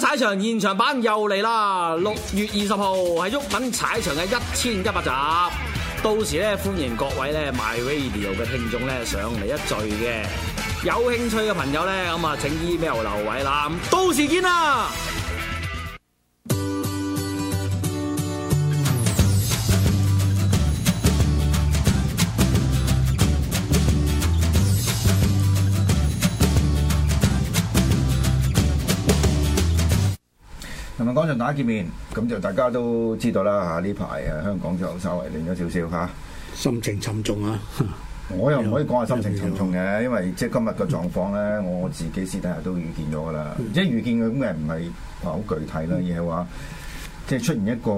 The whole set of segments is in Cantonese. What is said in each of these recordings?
踩場現場版又嚟啦！六月二十號係沃品踩場嘅一千一百集，到時咧歡迎各位咧 My Radio 嘅聽眾咧上嚟一聚嘅，有興趣嘅朋友咧咁啊，就請 Email 劉偉南，到時見啦！講場大家見面，咁就大家都知道啦嚇。呢排啊，香港就稍微亂咗少少嚇，心情沉重啊！我又唔可以講話心情沉重嘅，嗯嗯、因為即係今日嘅狀況咧，我自己私底下都預見咗噶啦。即係預見佢咁嘅，唔係話好具體啦，而係話即係出現一個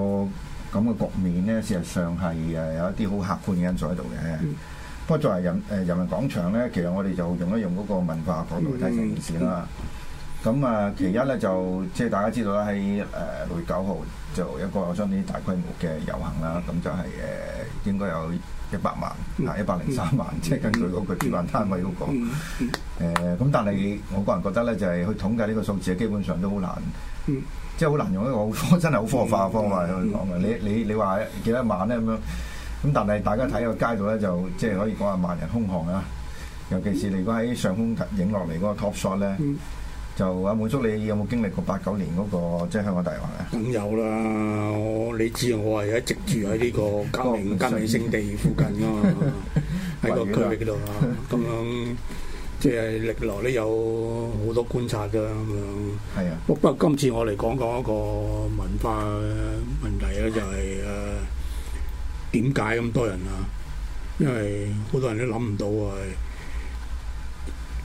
咁嘅局面咧，事實上係誒有一啲好客觀嘅因素喺度嘅。嗯、不過作為人誒人文講場咧，其實我哋就用一用嗰個文化角度睇成件事啦。嗯嗯咁啊，其一咧就即係大家知道啦，喺誒六月九號就一個將啲大規模嘅遊行啦，咁就係誒應該有一百萬啊，一百零三萬，即係、嗯嗯、根據嗰個主辦單位嗰、那個咁、嗯嗯嗯呃、但係我個人覺得咧，就係、是、去統計呢個數字，基本上都好難，即係好難用一個真係好科學化嘅方法去講嘅。你你你話幾多萬咧咁樣？咁但係大家睇個街道咧，就即係可以講係萬人空巷啊！尤其是你如果喺上空影落嚟嗰個 top shot 咧、嗯。就阿滿叔，你有冇經歷過八九年嗰、那個即係香港大遊行啊？咁有啦，我你知我係一直住喺呢個九龍金禧聖地附近㗎、啊、嘛，喺 個區域度啊，咁 樣即係歷來都有好多觀察㗎、啊、咁 樣。係啊。不過今次我嚟講講一個文化問題咧、啊，就係誒點解咁多人啊？因為好多人都諗唔到啊！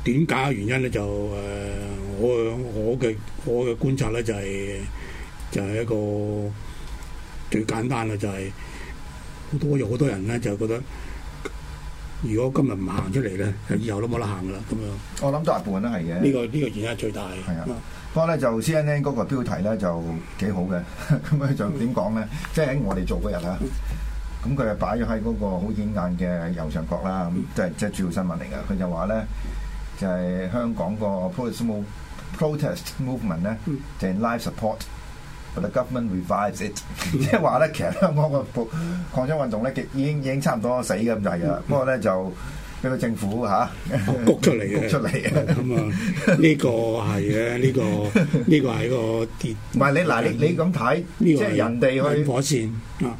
點解嘅原因咧就誒、呃，我我嘅我嘅觀察咧就係、是、就係、是、一個最簡單嘅就係、是、好多有好多人咧就覺得，如果今日唔行出嚟咧，以後都冇得行噶啦咁啊！樣我諗大部分都係嘅。呢、這個呢、這個原因最大。係啊的，不過咧就 C N N 嗰個標題咧就幾好嘅，咁 佢就點講咧？即係喺我哋做嗰日啊，咁佢係擺咗喺嗰個好顯眼嘅右上角啦，咁都係即係主要新聞嚟嘅。佢就話咧。就係香港個 protest movement 咧，就係 life support，but the government revives it，即係話咧，其實香港個抗爭運動咧，已已經已經差唔多死咁滯㗎啦。不過咧就俾個政府嚇，掘出嚟，掘出嚟。咁啊，呢個係嘅，呢個呢個係個跌。唔係你嗱，你你咁睇，即係人哋去火線。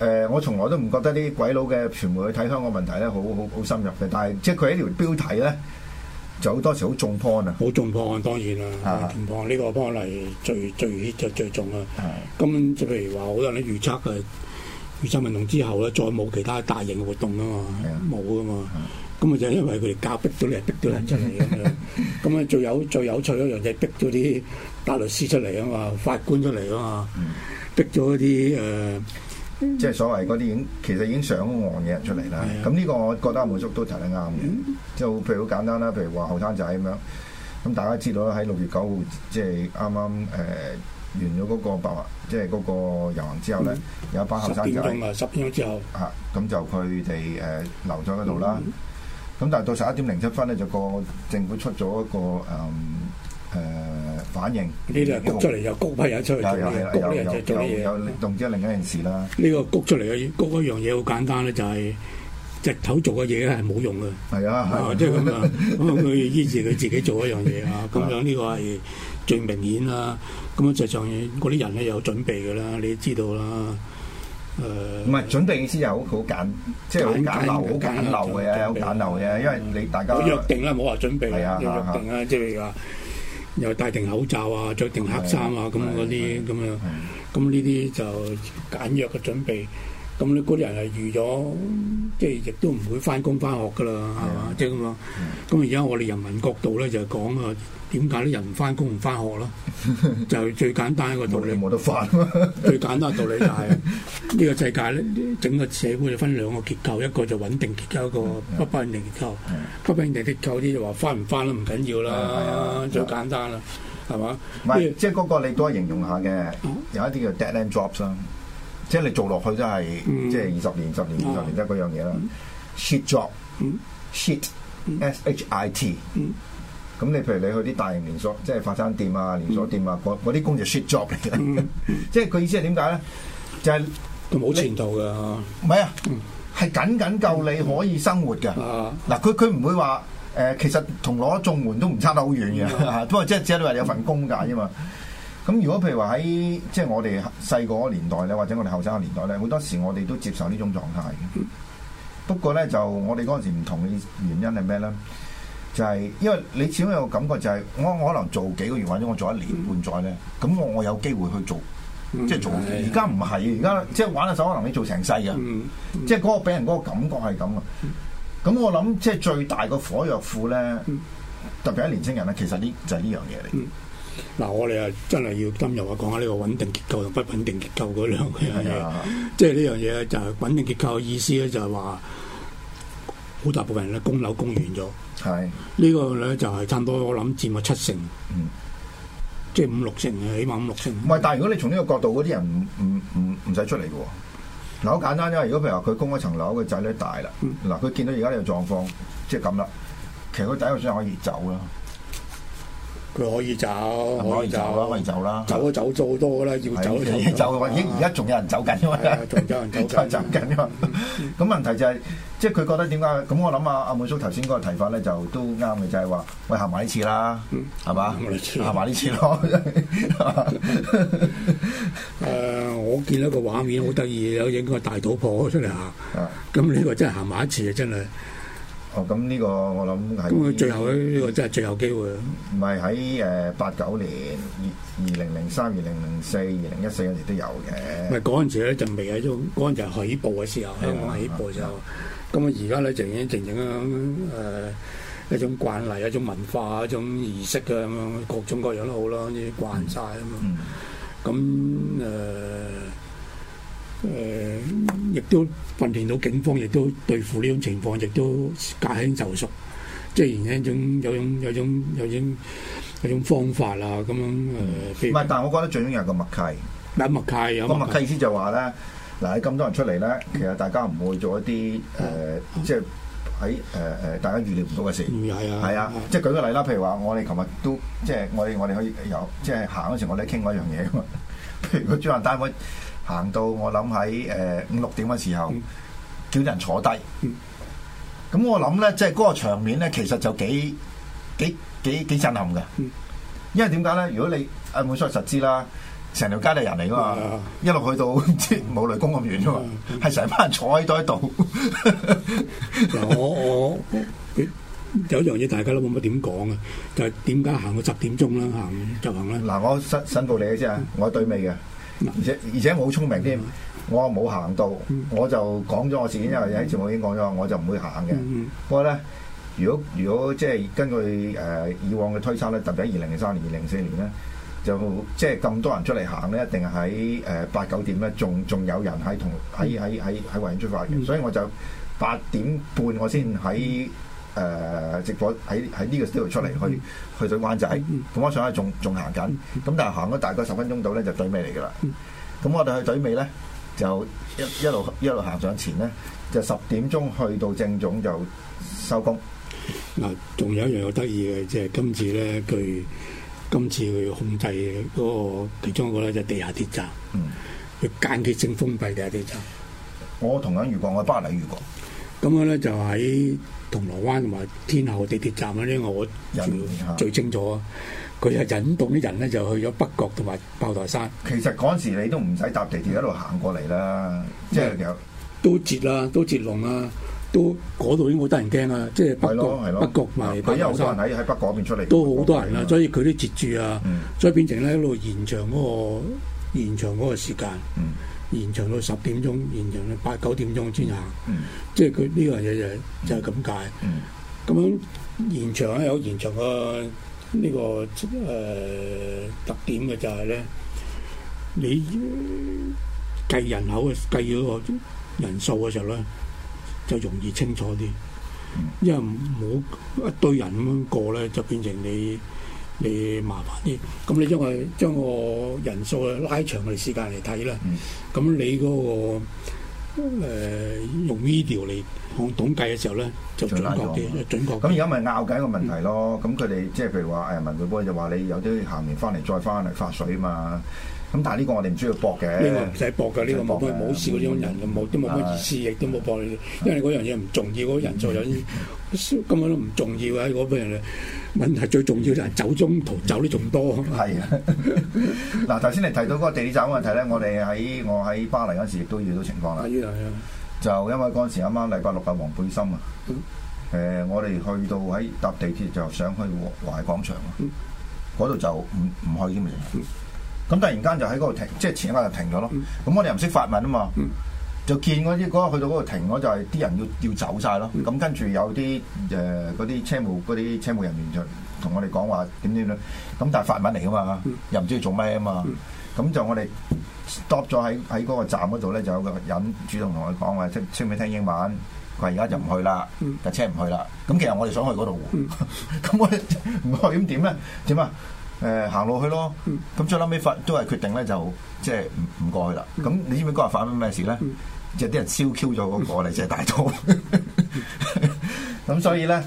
誒，我從來都唔覺得啲鬼佬嘅傳媒去睇香港問題咧，好好好深入嘅。但係即係佢一條標題咧。就好多時好重破啊！好重破案、啊、當然啦、啊，啊、重破呢、呢個破例最最 h 就最重啦。咁、啊、就譬如話，好多人預測啊，預測運動之後咧，再冇其他大型活動啊嘛，冇啊嘛。咁啊，就係因為佢哋夾逼到你人，逼到人出嚟咁樣。咁啊就 最，最有最有趣是是一樣就係逼咗啲大律師出嚟啊嘛，法官出嚟啊嘛，啊逼咗一啲誒。呃嗯、即係所謂嗰啲已經，其實已經上岸嘅人出嚟啦。咁呢、啊、個我覺得阿梅叔都提得啱嘅。嗯、就譬如好簡單啦，譬如話後生仔咁樣。咁大家知道啦，喺六月九號即係啱啱誒完咗嗰、嗰個白，即係嗰個遊行之後咧，嗯、有一班後生仔，十點鐘，十點鐘之後，嚇咁、啊、就佢哋誒留咗喺度啦。咁、嗯嗯、但係到十一點零七分咧，就個政府出咗一個誒。嗯誒反應呢啲啊，谷出嚟又谷批人出嚟做嘢，谷咧就做嘢，有動之另一件事啦。呢個谷出嚟嘅谷嗰樣嘢好簡單咧，就係日頭做嘅嘢咧係冇用嘅。係啊，係即係咁啊，佢於是佢自己做一樣嘢啊。咁樣呢個係最明顯啦。咁啊，就上嗰啲人咧有準備㗎啦，你知道啦。誒唔係準備意思又好好簡，即係好簡陋，好簡陋嘅，好簡陋嘅，因為你大家約定啦，唔好話準備，約定啦，即係話。 又戴定口罩啊，着定黑衫啊，咁嗰啲咁樣，咁呢啲就簡約嘅準備。咁你嗰啲人係預咗，即係亦都唔會翻工翻學噶啦，係嘛？即係咁啊！咁而家我哋人民角度咧就講啊，點解啲人唔翻工唔翻學咯？就最簡單一個道理，冇得翻。最簡單道理就係呢個世界咧，整個社會就分兩個結構，一個就穩定結構，一個不穩定結構。不穩定結構啲就話翻唔翻啦，唔緊要啦，最簡單啦，係嘛？即係嗰個你都係形容下嘅，有一啲叫 dead end jobs 即係你做落去都係，即係二十年、十年、二十年都係嗰樣嘢啦。shit job，shit，S H I T。咁你譬如你去啲大型連鎖，即係快餐店啊、連鎖店啊，嗰啲工就 shit job 嚟嘅。即係佢意思係點解咧？就係冇前途㗎。唔係啊，係僅僅夠你可以生活㗎。嗱，佢佢唔會話誒，其實同攞綜援都唔差得好遠嘅。不過即係只係你話有份工㗎啫嘛。咁如果譬如話喺即係我哋細個年代咧，或者我哋後生嘅年代咧，好多時我哋都接受呢種狀態嘅。不過咧就我哋嗰陣時唔同嘅原因係咩咧？就係、是、因為你始終有個感覺就係、是、我我可能做幾個月或者我做一年半載咧，咁我我有機會去做，嗯、即係做。而家唔係，而家即係玩一手可能你做成世嘅，即係嗰個俾人嗰個感覺係咁啊！咁我諗即係最大個火藥庫咧，特別係年青人咧，其實呢就係、是、呢樣嘢嚟。嗱，我哋啊，真係要今日啊，講下呢個穩定結構同不穩定結構嗰兩樣嘢。啊、即係呢樣嘢就係穩定結構嘅意思咧，就係話好大部分人咧供樓供完咗。係是呢個咧就係、是、差唔多，我諗佔咗七成。嗯、即係五六成起碼五六成。喂，但係如果你從呢個角度，嗰啲人唔唔唔使出嚟嘅、哦。嗱，好簡單啫。如果譬如話佢供一層樓，佢仔女大啦。嗱、嗯，佢見到而家呢個狀況即係咁啦，其實佢第一個想可以走啦。佢可以走，可以走啦，可以走啦。走啊走，咗好多啦，要走，走而家仲有人走緊，因為仲有人走緊。咁問題就係，即係佢覺得點解？咁我諗下阿滿叔頭先嗰個提法咧，就都啱嘅，就係話，喂，行埋一次啦，係嘛？行埋呢次咯。誒，我見到個畫面好得意，有影個大肚婆出嚟嚇。咁呢個真係行埋一次啊，真係。哦，咁呢個我諗係。咁最後呢、呢個真係最後機會。唔係喺誒八九年、二二零零三、二零零四、二零一四年都有嘅。唔係嗰時咧就未係一種，嗰陣就起步嘅時候，香港、嗯、起步時候。咁啊、嗯，而家咧就已經靜靜咁樣誒一種慣例、一種文化、一種儀式嘅咁樣，各種各樣都好啦，啲慣晒啊嘛。咁誒誒。嗯亦都訓練到警方，亦都對付呢種情況，亦都駕輕就熟，即係形成一種有一種有一種有種有種方法啦、啊，咁樣誒。唔、呃、係，但係我覺得最緊要係個默契。嗱，默契有個默契意思就話咧，嗱，咁多人出嚟咧，其實大家唔會做一啲誒、嗯呃，即係。嗯喺誒誒，大家預料唔到嘅事，係啊，即係、啊啊、舉個例啦。譬如話、就是，我哋琴日都即係我哋我哋可以有即係行嗰時我過一，我哋傾嗰樣嘢譬如個主辦單位行到我諗喺誒五六點嘅時候，叫人坐低。咁、啊、我諗咧，即係嗰個場面咧，其實就幾幾幾幾震撼嘅。啊、因為點解咧？如果你誒冇錯實知啦。成條街都係人嚟噶嘛，一路去到即係冇雷公咁遠啫嘛，係成班人坐喺度喺度。我我有一樣嘢大家都冇乜點講嘅，就係點解行到十點鐘啦，行就行啦。嗱，我申申報你嘅啫，啊，我對尾嘅。而且而且我好聰明添，我冇行到，我就講咗我自己，因為喺前我已經講咗，我就唔會行嘅。不過咧，如果如果即係根據誒以往嘅推測咧，特別喺二零零三年、二零零四年咧。就即係咁多人出嚟行咧，一定喺誒八九點咧，仲仲有人喺同喺喺喺喺維園出發嘅，所以我就八點半我先喺誒直播喺喺呢個 studio 度出嚟去去到灣仔，咁、嗯嗯嗯、我上去仲仲行緊，咁但係行咗大概十分鐘到咧就對尾嚟噶啦，咁我哋去對尾咧就一一,一路一路行上前咧，就十點鐘去到政總就收工。嗱，仲有一樣好得意嘅，即、就、係、是、今次咧佢。今次佢控制嗰、嗰個其中一個咧就地下鐵站，佢、嗯、間歇性封閉地下鐵站。我同樣遇過，我巴黎遇過。咁樣咧就喺銅鑼灣同埋天后地鐵，鐵站呢啲，呢個、我最清楚。佢就引導啲人咧就去咗北角同埋炮台山。其實嗰時你都唔使搭地鐵一路行過嚟啦，即係、嗯、有都捷啦、啊，都捷龍啦、啊。都嗰度已經好得人驚啊！即係北角、北角嘛，北角邊出嚟都好多人啦，人的所以佢都截住啊，的所以變成咧一路延長嗰、那個延長嗰個時間，嗯、延長到十點鐘，延長到八九點鐘先行。嗯、即係佢呢樣嘢就是、就係咁解。咁、嗯、樣延長咧有延長、這個呢個誒特點嘅就係、是、咧，你計人口嘅計嗰個人數嘅時候咧。就容易清楚啲，因為冇一堆人咁樣過咧，就變成你你麻煩啲。咁你將我將我人數拉長我哋時間嚟睇啦。咁、嗯、你嗰、嗰個、呃、用 video 嚟看統計嘅時候咧，就準確啲。就準確。咁而家咪拗緊一個問題咯。咁佢哋即係譬如話誒文匯報就話你有啲行完翻嚟再翻嚟發水啊嘛。咁但係呢個我哋唔需要搏嘅。呢個唔使搏㗎，呢個冇事呢種人嘅，冇啲冇乜意思，亦都冇搏。因為嗰樣嘢唔重要，嗰個人做咗，啲根本都唔重要啊！嗰份問題最重要就係走中途走得仲多。係啊，嗱頭先你提到嗰個地鐵站問題咧，我哋喺我喺巴黎嗰時亦都遇到情況啦。就因為嗰陣時啱啱禮拜六嘅黃背心啊，誒我哋去到喺搭地鐵就想去和諧廣場啊，嗰度就唔唔可以咁突然間就喺嗰度停，即係前一刻就停咗咯。咁我哋又唔識法文啊嘛，嗯、就見嗰啲嗰去到嗰度停咗，就係、是、啲人要要走晒咯。咁、嗯、跟住有啲誒啲車務啲車務人員就同我哋講話點點啦。咁但係法文嚟噶嘛，又唔知要做咩啊嘛。咁、嗯、就我哋 stop 咗喺喺嗰個站嗰度咧，就有個人主動同我講話，即係識唔識聽英文。佢話而家就唔去啦，架、嗯、車唔去啦。咁其實我哋想去嗰度，咁、嗯、 我哋唔去咁點咧？點啊？誒行落去咯，咁最撚尾發都係決定咧，就即係唔唔過去啦。咁 你知唔知嗰日發生咩事咧？即係啲人燒 Q 咗嗰個你，即係 大刀。咁所以咧，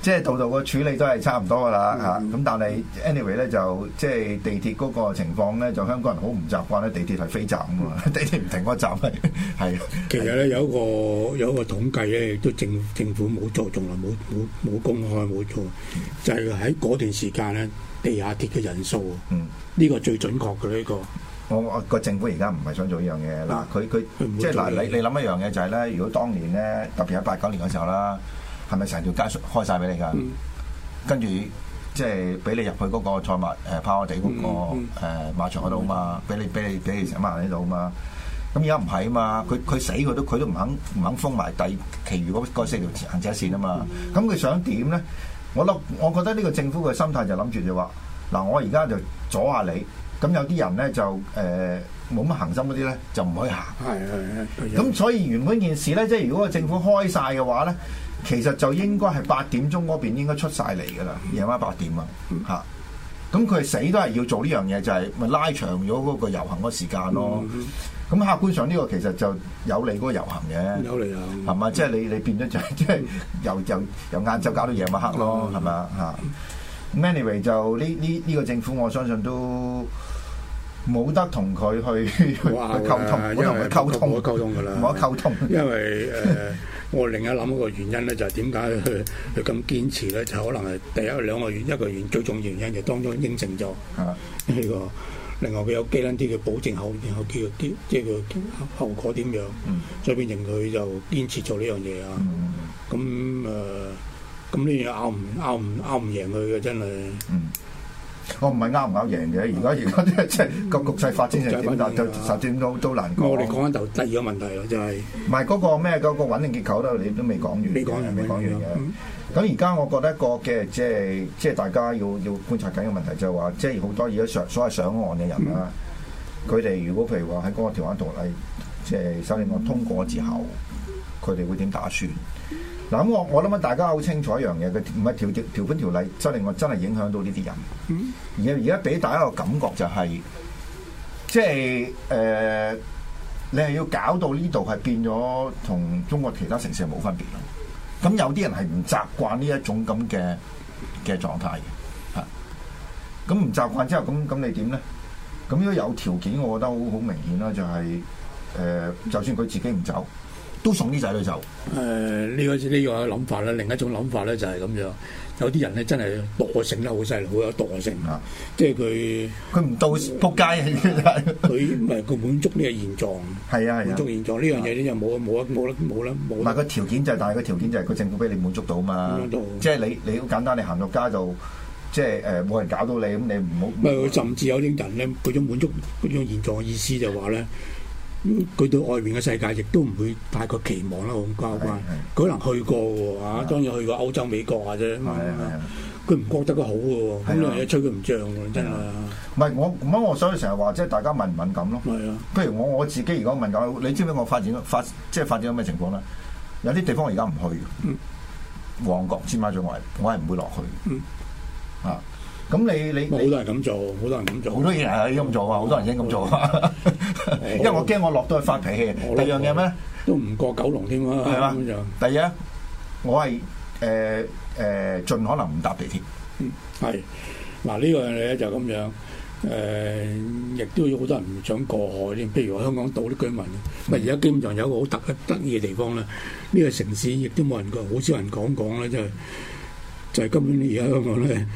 即係度度個處理都係差唔多噶啦嚇。咁 但係 anyway 咧，就即係地鐵嗰個情況咧，就香港人好唔習慣咧。地鐵係飛站啊嘛， 地鐵唔停嗰個站係係。其實咧有一個有一個統計咧，亦都政政府冇做，仲嚟冇冇冇公開冇做，就係喺嗰段時間咧。地下鐵嘅人數，嗯，呢個最準確嘅呢個。我個政府而家唔係想做呢樣嘢。嗱，佢佢即係嗱，你你諗一樣嘢就係咧，如果當年咧，特別喺八九年嘅時候啦，係咪成條街開晒俾你㗎？跟住即係俾你入去嗰個賽馬誒跑馬地嗰個誒馬場嗰度啊嘛，俾你俾你俾你成萬喺度啊嘛。咁而家唔係啊嘛，佢佢死佢都佢都唔肯唔肯封埋第，其餘嗰四條行車線啊嘛。咁佢想點咧？我諗，我覺得呢個政府嘅心態就諗住就話，嗱，我而家就阻下你，咁有啲人咧就誒冇乜恆心嗰啲咧就唔可以行。係係。咁所以原本件事咧，即係如果個政府開晒嘅話咧，其實就應該係八點鐘嗰邊應該出晒嚟㗎啦，夜晚八點啊嚇。嗯嗯咁佢死都係要做呢樣嘢，就係、是、咪拉長咗嗰個遊行嗰時間咯？咁、mm hmm. 客觀上呢個其實就有利嗰個遊行嘅，有利啊，係、hmm. 嘛？即、就、係、是、你你變咗就即係由、mm hmm. 由由晏晝搞到夜晚黑咯，係咪嚇。Anyway 就呢呢呢個政府，我相信都。冇得同佢去去溝通，我同佢溝通，我溝通噶啦，我溝通。因為誒、 呃，我另一諗一個原因咧，就係點解佢佢咁堅持咧？就可能係第一兩個原一個原最重原因，就當中應承咗。呢個、啊、另外佢有機冷啲嘅保證後，然後佢叫啲，即係佢後果點樣？嗯，再變成佢就堅持做呢樣嘢啊。嗯，咁誒，咁呢樣拗唔拗唔拗唔贏佢嘅真係。嗯。呃我唔係啱唔啱贏嘅，而家而家即係即個局勢發展成點，就係實點都都難講。我哋講緊就第二個問題咯，就係唔係嗰個咩個個穩定結構都你都未講完，未講完嘅。咁而家我覺得一個嘅即係即係大家要要觀察緊嘅問題就係、是、話，即係好多而家上所謂上岸嘅人啦，佢哋、嗯、如果譬如話喺嗰個條文同例，即係修訂案通過之後，佢哋、嗯、會點打算？嗱，我我諗大家好清楚一樣嘢，佢唔係條條條款條例真，真係我真係影響到呢啲人。嗯。而而家俾大家個感覺就係、是，即係誒，你係要搞到呢度係變咗同中國其他城市冇分別咯。咁有啲人係唔習慣呢一種咁嘅嘅狀態嘅，嚇。咁唔習慣之後，咁咁你點咧？咁如果有條件，我覺得好好明顯啦、就是，就係誒，就算佢自己唔走。都送啲仔女，就誒呢個呢個諗法啦。另一種諗法咧就係咁樣，有啲人咧真係惰性啦，好犀利，好有惰性啊！即係佢佢唔到撲街，佢唔係佢滿足呢個現狀。係啊係，滿足現狀呢樣嘢咧就冇冇冇啦冇啦冇。但係個條件就係，但係個條件就係個政府俾你滿足到嘛。即係你你好簡單，你行到街度，即係誒冇人搞到你，咁你唔好。咪甚至有啲人咧，嗰種滿足嗰種現狀嘅意思就話咧。佢對外面嘅世界亦都唔會太過期望啦，好交關。佢是可能去過喎嚇是是、啊，當然去過歐洲、美國啊啫。佢唔覺得佢好喎，好多嘢吹佢唔漲喎，真係。唔係我咁我，我所以成日話，即係大家敏唔敏感咯。係是啊，譬如我我自己如果敏感，你知唔知我發展發即係發展咗咩情況咧？有啲地方我而家唔去嘅，旺角、嗯、尖沙咀，我係我係唔會落去啊！嗯嗯。咁你你你都係咁做，好多人咁做，好多人係要咁做啊！好多人應咁做，因為我驚我落到去發脾氣。第二樣嘢咩？都唔過九龍添啊！係嘛？第二啊，我係誒誒盡可能唔搭地鐵。嗯，係。嗱呢個咧就咁樣誒，亦都有好多人唔想過海添。譬如話香港島啲居民，咪而家基本上有一個好得得意嘅地方咧。呢個城市亦都冇人過，好少人講講咧，就就係根本而家香港咧。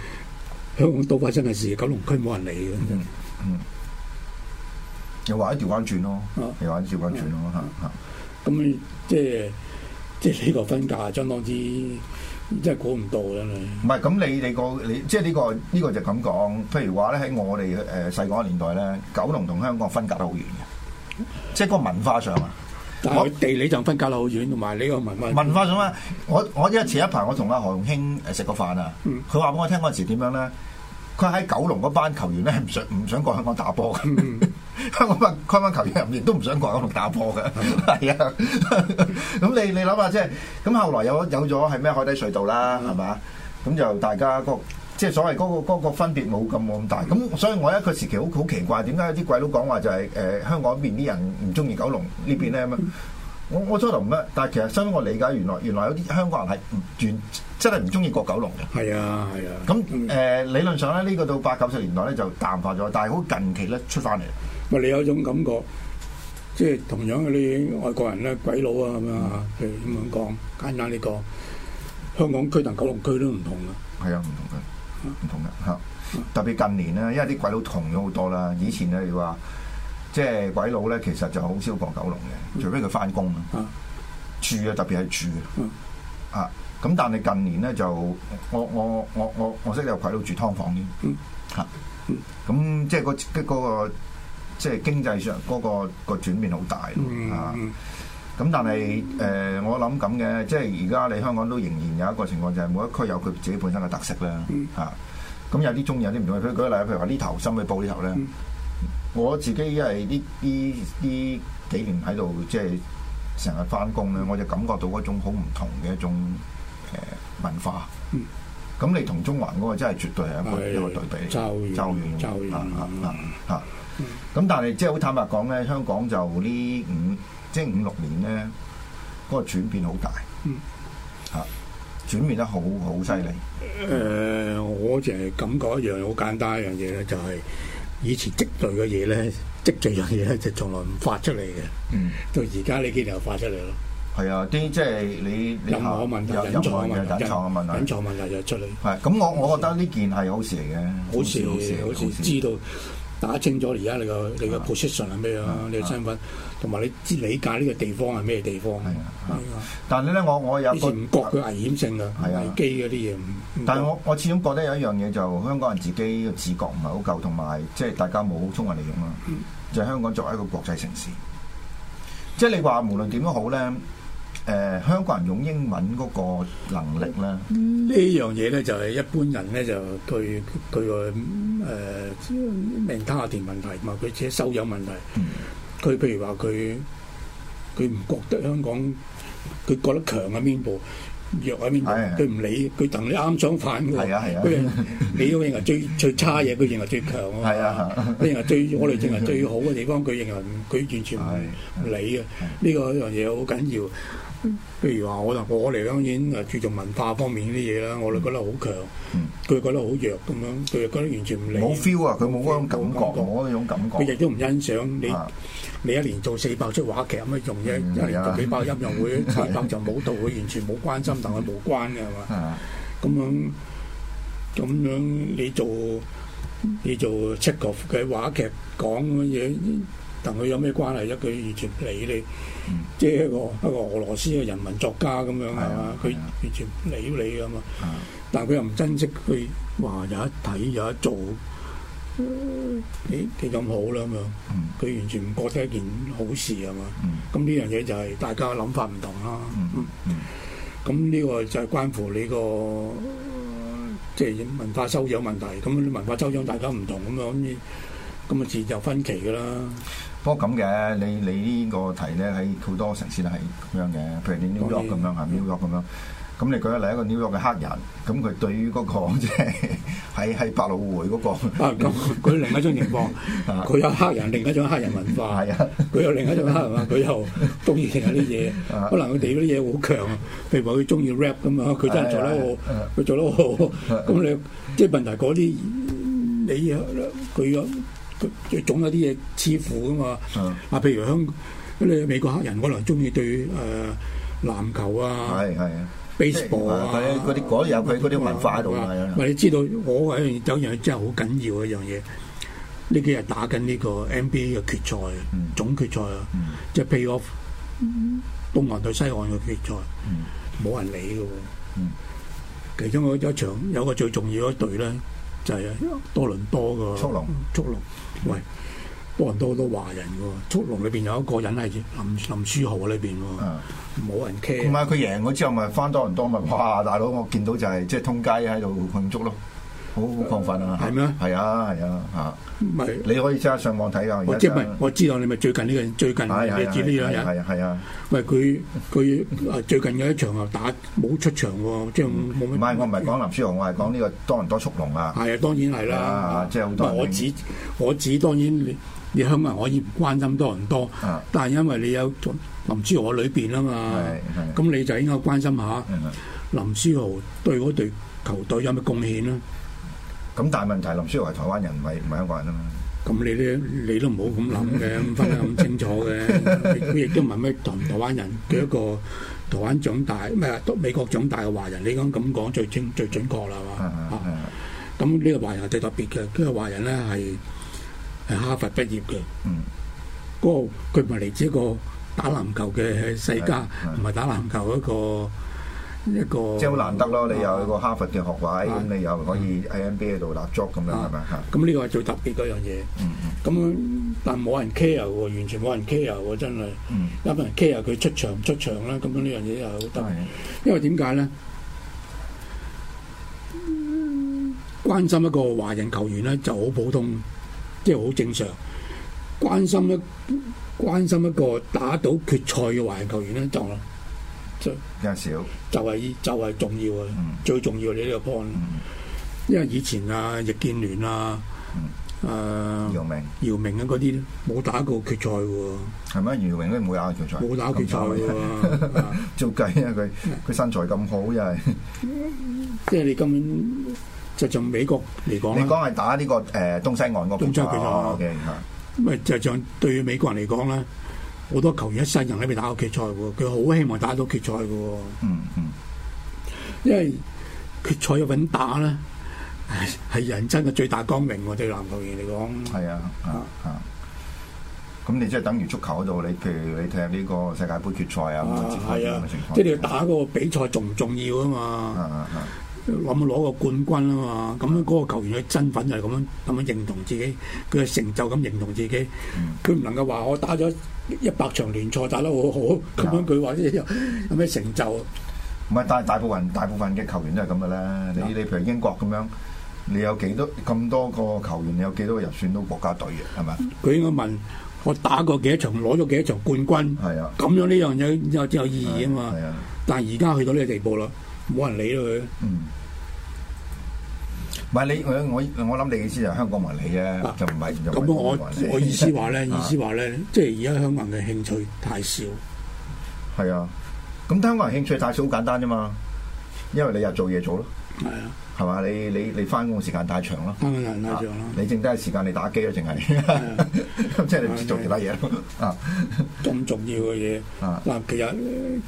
香港都發生嘅事，九龍區冇人理嘅真係。嗯，又話一條彎轉咯，你玩一條彎轉咯嚇嚇。咁你即係即係呢個分隔係相當之，真係估唔到真係。唔係咁，你你個你即係呢個呢個就咁講。譬如話咧，喺我哋誒細個年代咧，九龍同香港分隔得好遠嘅，即係個文化上啊。佢地理就分隔得好遠，同埋呢個文化文化上啦。我我之前一排我同阿何雄興誒食過飯啊，佢話俾我聽嗰陣時點樣咧？佢喺九龍嗰班球員咧，唔想唔想過香港打波嘅。嗯、 香港班球員入面都唔想過九龍打波嘅。係、嗯、是啊，咁 你你諗下即係咁，後來有有咗係咩海底隧道啦，係嘛、嗯？咁就大家、那個。即係所謂嗰、嗰個嗰個分別冇咁大，咁所以我一個時期好好奇怪，點解啲鬼佬講話就係、是、誒、呃、香港邊啲人唔中意九龍邊呢邊咧咁？我我初頭唔得，但係其實根據我理解，原來原來有啲香港人係唔真係唔中意過九龍嘅。係啊係啊。咁誒、啊嗯呃、理論上咧，呢、呢個到八九十年代咧就淡化咗，但係好近期咧出翻嚟。咪你有種感覺，即係同樣嗰啲外國人咧、鬼佬啊咁樣啊，咁樣講，簡單啲講，香港區同九龍區都唔同啦。係啊，唔同嘅。唔同啦，嚇！特別近年咧，因為啲鬼佬同咗好多啦。以前咧，你話即係鬼佬咧，其實就好少過九龍嘅，嗯、除非佢翻工咯。嗯、住啊，特別係住啊。咁、嗯、但係近年咧，就我我我我我，我識有鬼佬住劏房添嚇。咁即係嗰個即係、即係、經濟上嗰、嗰個、嗰個嗰個轉變好大啊！嗯嗯嗯咁但係誒，我諗咁嘅，即係而家你香港都仍然有一個情況，就係每一個區有佢自己本身嘅特色啦。嚇。咁有啲中，有啲唔同。舉個例，譬如話呢頭深水埗呢頭咧，我自己因為呢呢呢幾年喺度即係成日翻工咧，我就感覺到嗰種好唔同嘅一種誒文化。咁你同中環嗰個真係絕對係一個一個對比，周圓周圓。咁但係即係好坦白講咧，香港就呢五。即五六年咧，嗰、那個轉變好大，嚇、嗯啊、轉變得好好犀利。誒、呃，我淨係感覺一樣好簡單一樣嘢咧，就係、是、以前積累嘅嘢咧，積聚樣嘢咧就從來唔發出嚟嘅。嗯、到而家呢幾年又發出嚟咯。係、嗯、啊，啲即係你你下隱藏嘅隱藏嘅問題，隱藏問題就出嚟。係咁、啊，我時我覺得呢件係好事嚟嘅，好事，好事，知道。打清楚而家你個你個 position 係咩啊，你嘅身份，同埋、啊、你知理解呢個地方係咩地方？係啊，啊但係咧，我我有個唔覺嘅危險性啊，危機嗰啲嘢。但係我我始終覺得有一樣嘢就係、香港人自己嘅自覺唔係好夠，同埋即係大家冇充份利用啊。就係、香港作為一個國際城市，嗯、即係你話無論點都好咧。誒香港人用英文嗰個能力咧，呢樣嘢咧就係一般人咧就對佢個誒名單田問題嘛。佢自己收有問題。佢譬如話佢佢唔覺得香港佢覺得強喺邊部，弱喺邊部。佢唔理，佢等你啱想反㗎。佢你都認為最最差嘢，佢認為最強啊。佢認為最我哋認為最好嘅地方，佢認為佢完全唔理嘅。呢個一樣嘢好緊要。譬如話我就我嚟，當然誒注重文化方面啲嘢啦，我哋覺得好強，佢、嗯、覺得好弱咁樣，佢又覺得完全唔理。冇 feel 啊，佢冇嗰種感覺，冇嗰種感覺。佢亦都唔欣賞你，你一年做四百出話劇、嗯、有乜用啫？一年做幾百音樂會，幾百就舞蹈會， 完全冇關心，但佢冇關嘅係嘛？咁、嗯啊、樣咁樣，你做你做 Chekhov 嘅話劇講嘅嘢。同佢有咩關係啫、啊？佢完全唔理你，嗯、即係一個一個俄羅斯嘅人民作家咁樣係嘛？佢、嗯、完全唔理你噶嘛。嗯、但係佢又唔珍惜佢話有一睇有一做，咦？幾咁好啦咁樣？佢、嗯、完全唔覺得係一件好事啊嘛。咁呢樣嘢就係大家諗法唔同啦、啊。咁呢、嗯嗯、個就係關乎你個即係文化修養問題。咁啲文化修養大家唔同咁啊，咁咁啊自然分歧㗎啦。不過咁嘅，你你呢個題咧喺好多城市都係咁樣嘅，譬如你 New York 咁樣啊，New York 咁樣。咁 你舉出嚟一個、New、York 嘅黑人，咁佢對於嗰、那個即係喺喺百老匯嗰個佢、 啊、另一種情況，佢有黑人另一種黑人文化，係是啊，佢有另一種黑人啊嘛，佢又鍾意成下啲嘢， 可能佢哋嗰啲嘢好強啊，譬如話佢鍾意 rap 咁啊，佢真係做得好，佢做得好。咁你即係問題嗰啲你佢佢總有啲嘢似乎噶嘛？啊，譬如香，你美國黑人可能中意對誒籃球啊，係係啊，baseball 啊，係啊，啲嗰啲佢啲文化喺度啊。喂，你知道我係有一樣真係好緊要一樣嘢，呢幾日打緊呢個 NBA 嘅決賽，總決賽啊，即係 playoff。東岸對西岸嘅決賽，冇人理㗎喎。其中有一場有個最重要一隊咧，就係多倫多嘅。速龍，速龍。喂，多倫多好多華人喎。喔，速龍裏邊有一個人係林林書豪，裏邊冇人傾。同埋佢贏咗之後，咪翻多倫多咪？哇，大佬我見到就係、是、即係通街喺度慶祝咯。好好亢奮啊！係咩？係啊，係啊，嚇！唔係你可以即刻上網睇下。我即問，我知道你咪最近呢個最近你指呢樣嘢係啊係啊！喂，佢佢最近有一場打冇出場喎，即係唔係我唔係講林書豪，我係講呢個多倫多速龍啊！係啊，當然係啦。即係好多。我指我指當然你你香港人可以唔關心多倫多，但係因為你有林書豪喺裏邊啊嘛，咁你就應該關心下林書豪對嗰隊球隊有咩貢獻啦。咁但係問題，林書豪係台灣人，唔係唔係香港人啊嘛？咁你咧，你都唔好咁諗嘅，分得咁清楚嘅。咁亦都唔係咩同台灣人佢一個台灣長大，唔啊，美國長大嘅華人。你講咁講最準最準確啦，係嘛？咁呢個華人係最特別嘅，呢個華人咧係係哈佛畢業嘅。嗯。嗰個佢唔係嚟自一個打籃球嘅世家，唔係、嗯嗯嗯、打籃球一個。一個即係好難得咯！啊、你又有一個哈佛嘅學位，咁的你又可以喺 NBA 度立足咁樣係咪啊？咁呢個係最特別嗰樣嘢。咁但冇人 care 喎，完全冇人 care 喎，真係。嗯、有冇人 care 佢出場唔出場啦。咁樣呢樣嘢又好特別。因為點解咧？關心一個華人球員咧就好普通，即係好正常。關心一關心一個打到決賽嘅華人球員咧就。就比較少，就係就係重要啊！最重要你呢個 point，因為以前啊，易建聯啊，啊姚明、姚明啊嗰啲，冇打過決賽喎。係咪姚明咧冇打過決賽？冇打決賽喎，做計啊！佢佢身材咁好，又係。即係你根本就像美國嚟講，你講係打呢個誒東西岸個決賽。O K，咁咪就像對於美國人嚟講咧。好多球員一世人都未打過決賽喎，佢好希望打到決賽嘅喎。嗯嗯，因為決賽有份打咧，係人真嘅最大光明。我對男球員嚟講。係啊咁、啊、你即係等於足球嗰度，你譬如你睇下呢個世界杯決賽啊，係啊，啊即係你要打嗰個比賽重唔重要啊嘛？啊啊啊諗攞個冠軍啊嘛，咁樣嗰個球員嘅真粉就係咁樣咁樣認同自己佢嘅成就，咁認同自己。佢唔能夠話我打咗一百場聯賽打得好好，咁樣佢話有咩成就？唔係，但係大部分大部分嘅球員都係咁噶啦。你的你譬如英國咁樣，你有幾多咁多個球員，你有幾多個入選到國家隊嘅係咪？佢應該問我打過幾多場，攞咗幾多場冠軍？係啊的，咁樣呢樣嘢有有意義啊嘛。但係而家去到呢個地步囉。冇人理佢。嗯，唔係你我我諗你嘅意思就香港冇人理啫、啊，就唔係。咁、嗯、我我意思話咧，啊、意思話咧，即係而家香港人嘅興趣太少。係啊，咁香港人興趣太少好簡單啫嘛，因為你日做夜做咯。係啊。係嘛？你你你翻工時間太長咯，太長咯。你剩低時間打你打機咯，淨係，即係你唔知做其他嘢咯。啊，咁 重要嘅嘢。嗱，其實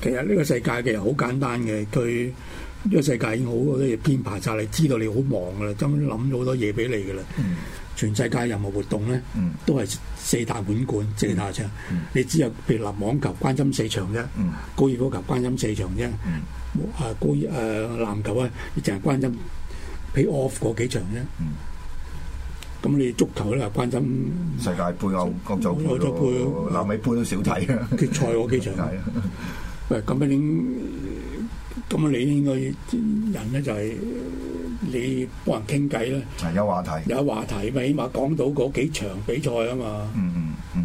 其實呢個世界其實好簡單嘅，佢呢、這個世界已經好多嘢編排晒，你知道你好忙嘅啦，真諗咗好多嘢俾你嘅啦。嗯全世界任何活動咧，都係四大滿貫，嗯、四大場。你只有譬如立網球關心四場啫，嗯、高爾夫球關心四場啫，啊、嗯、高爾、呃、籃球啊，你淨係關心 pay off 嗰幾場啫。咁、嗯、你足球咧又關心世界盃、歐洲盃、歐南美盃都少睇啊！決賽嗰幾場？喂，咁樣、嗯、你咁、就是、你應該人咧就係、是。 你幫人傾偈咧，係有話題，有話題咪起碼講到嗰幾場比賽啊嘛。嗯嗯嗯。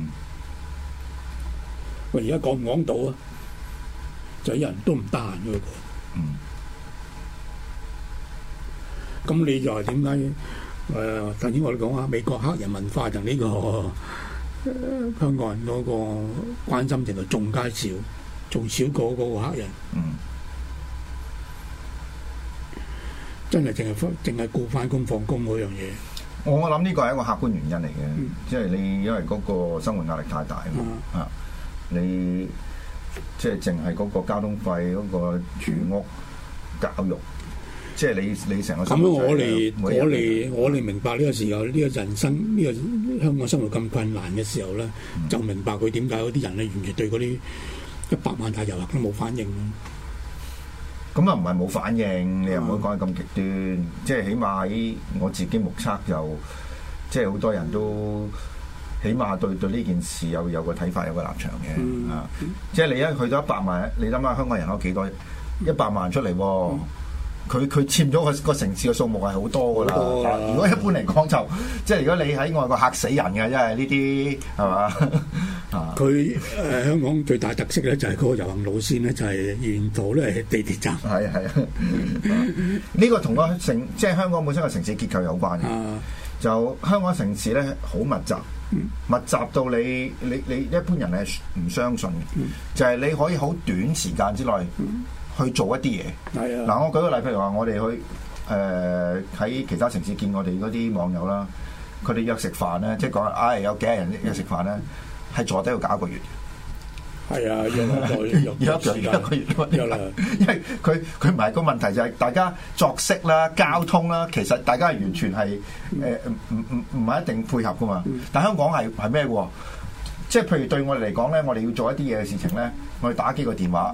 喂，而家講唔講到啊？就啲人都唔得應嘅。嗯。咁、嗯嗯、你又係點解？誒、呃，頭先我哋講下美國黑人文化就呢、這個、呃、香港人嗰個關心程度仲加少，仲少過嗰個黑人。嗯。真係淨係淨係顧返工放工嗰樣嘢，我我諗呢個係一個客觀原因嚟嘅，嗯、即係你因為嗰個生活壓力太大啊，啊，你即係淨係嗰個交通費、嗰、嗯、個住屋、教育，即係你你成個咁樣，我哋我哋我哋明白呢個時候呢、呢個人生呢、呢個香港生活咁困難嘅時候咧，嗯、就明白佢點解嗰啲人咧完全對嗰啲一百萬大遊行都冇反應。咁啊，唔係冇反應，你又唔好講得咁極端，即係起碼我自己目測就，即係好多人都，起碼對對呢件事有有個睇法，有個立場嘅、嗯、啊，即係你一去到一百萬，你諗下香港人口幾多，一百萬出嚟、啊。嗯佢佢佔咗個個城市嘅數目係好多㗎喇，oh, uh, 如果一般嚟講就即係如果你喺外國嚇死人嘅，因為呢啲係嘛？佢誒、呃、 香港最大特色咧就係嗰個遊行路線咧就係沿途咧地鐵站係啊係啊，呢、啊、 個同個城即係、就是、香港本身嘅城市結構有關嘅，uh, 就香港城市咧好密集，密集到你你你，你，你一般人係唔相信就係、是、你可以好短時間之內。Uh, uh, 去做一啲嘢，嗱、啊、我舉個例，譬如話我哋去誒喺、呃、其他城市見我哋嗰啲網友啦，佢哋約食飯咧，即係講唉有幾廿人約食飯咧，係坐低度搞一個月，係啊，約一個月，因為佢佢唔係個問題就係大家作息啦、交通啦，其實大家係完全係誒唔唔唔係一定配合噶嘛，嗯、但香港係係咩喎？即係譬如對我哋嚟講咧，我哋要做一啲嘢嘅事情咧，我哋打幾個電話。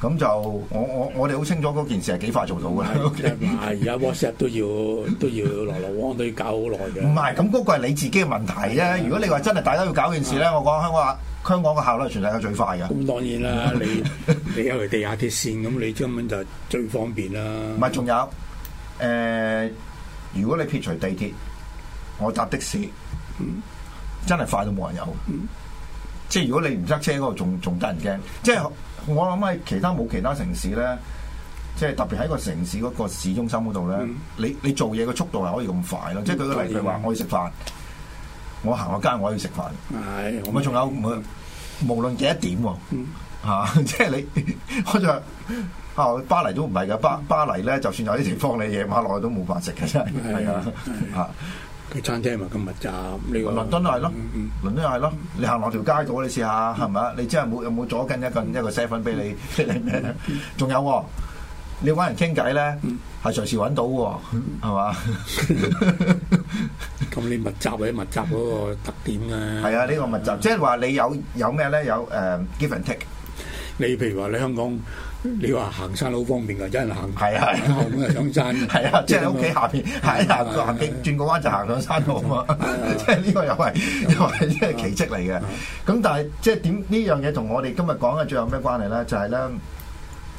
咁就我我我哋好清楚嗰件事係幾快做到嘅。唔係是，而家 Okay, WhatsApp 都要 都要來來往往都要搞好耐嘅。唔係，咁嗰個係你自己嘅問題啫。啊、如果你話真係大家要搞件事咧，啊、我講香港話香港嘅效率全世界最快嘅。咁、嗯、當然啦，你你有條地下鐵線咁，你根本就最方便啦。唔係，仲有誒、呃？如果你撇除地鐵，我搭的士，嗯、真係快到冇人有。嗯、即係如果你唔塞車嗰個，仲仲得人驚。即係。我諗係其他冇其他城市咧，即係特別喺個城市嗰個市中心嗰度咧，你你做嘢嘅速度係可以咁快咯。即係舉個例話，我去食飯，我行個街，我可以食飯。咁咪仲有冇？嗯、無論幾多點喎、啊，即係你，我 就啊巴黎都唔係㗎，巴、嗯、巴黎咧，就算有啲地方你夜晚落去都冇飯食嘅，真係係啊嚇。啲餐廳咪咁密集，呢、這個倫敦都係咯，倫敦又係咯，你行落條街度你試下係咪啊？你真係冇有冇左跟一跟一個 set 粉俾你？仲有你揾人傾偈咧，係隨時揾到喎，係嘛？咁 你密集或者密集嗰個特點咧？係啊，呢、啊這個密集，即係話你有有咩咧？有誒、uh, give and take。你譬如話你香港。你話行山路好方便噶，有人行係啊係咁啊上山係啊，即係屋企下邊，喺行個行徑，轉個彎就行上山路啊嘛，即係呢個又係又係即係奇迹嚟嘅。咁但係即係點呢樣嘢同我哋今日講嘅最有咩關係咧？就係咧，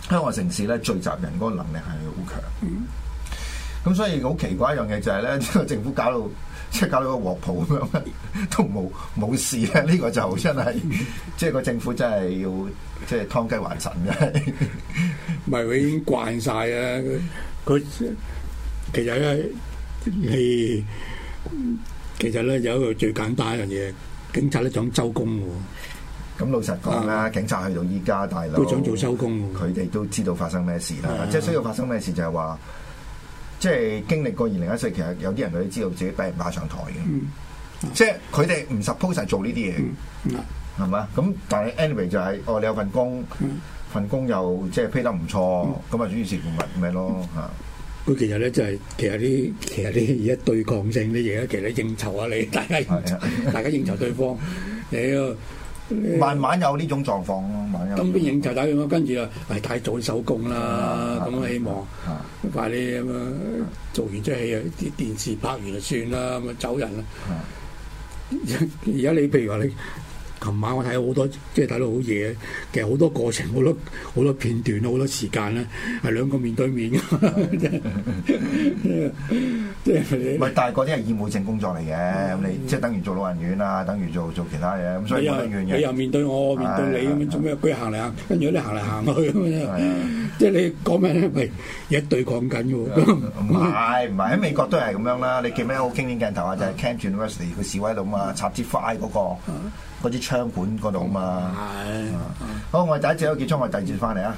香港城市咧聚集人嗰個能力係好強。咁所以好奇怪一樣嘢就係咧，呢個政府搞到即係搞到個鑊泡咁樣都冇冇事咧？呢、呢個就真係即係個政府真係要即係劏雞還神嘅，唔係佢已經慣晒啊！佢其實咧你，其實咧有一個最簡單一樣嘢，警察都想收工喎。咁、嗯、老實講啦，啊、警察去到依家大佬都想做收工，佢哋都知道發生咩事啦。即係需要發生咩事就係話。即係經歷過二零一四，其實有啲人佢都知道自己俾人掛上台嘅，嗯、即係佢哋唔 suppose 係做呢啲嘢，係嘛、嗯？咁、嗯、但係 anyway 就係、是，哦，你有份工，嗯、份工又即係批得唔錯，咁啊、嗯，於是乎唔係咁咩咯嚇？佢、嗯、吧其實咧，就係其實啲其實啲而家對抗性啲嘢其實應酬下你，大家是的 大家應酬對方，屌！ 慢慢有呢種狀況咯，咁啲影就打佢咯，跟住啊，係太早收工啦，咁 希望，但係你咁啊，做完出戲啊，啲電視拍完就算啦，咁啊走人啦。而而家你譬如話你。琴晚我睇好、哎、多，即係睇到好嘢。其實好多過程，好多好多片段好多時間咧，係兩個面對面。即係唔係？但係啲係義務性工作嚟嘅，咁你即係等於做老人院啊，等於做做其他嘢。咁所以你又面對我，面對你咁做咩？佢行嚟行，跟住你行嚟行去咁即係你講咩咧？咪一堆講緊嘅喎。唔係唔係，喺美國都係咁樣啦。你記唔記得我傾緊鏡頭啊？就係 Cambridge University 個示威度嘛，插支花嗰個。嗰啲槍管嗰度啊嘛的，的好，的我哋第一節都結束，我哋第二節翻嚟啊。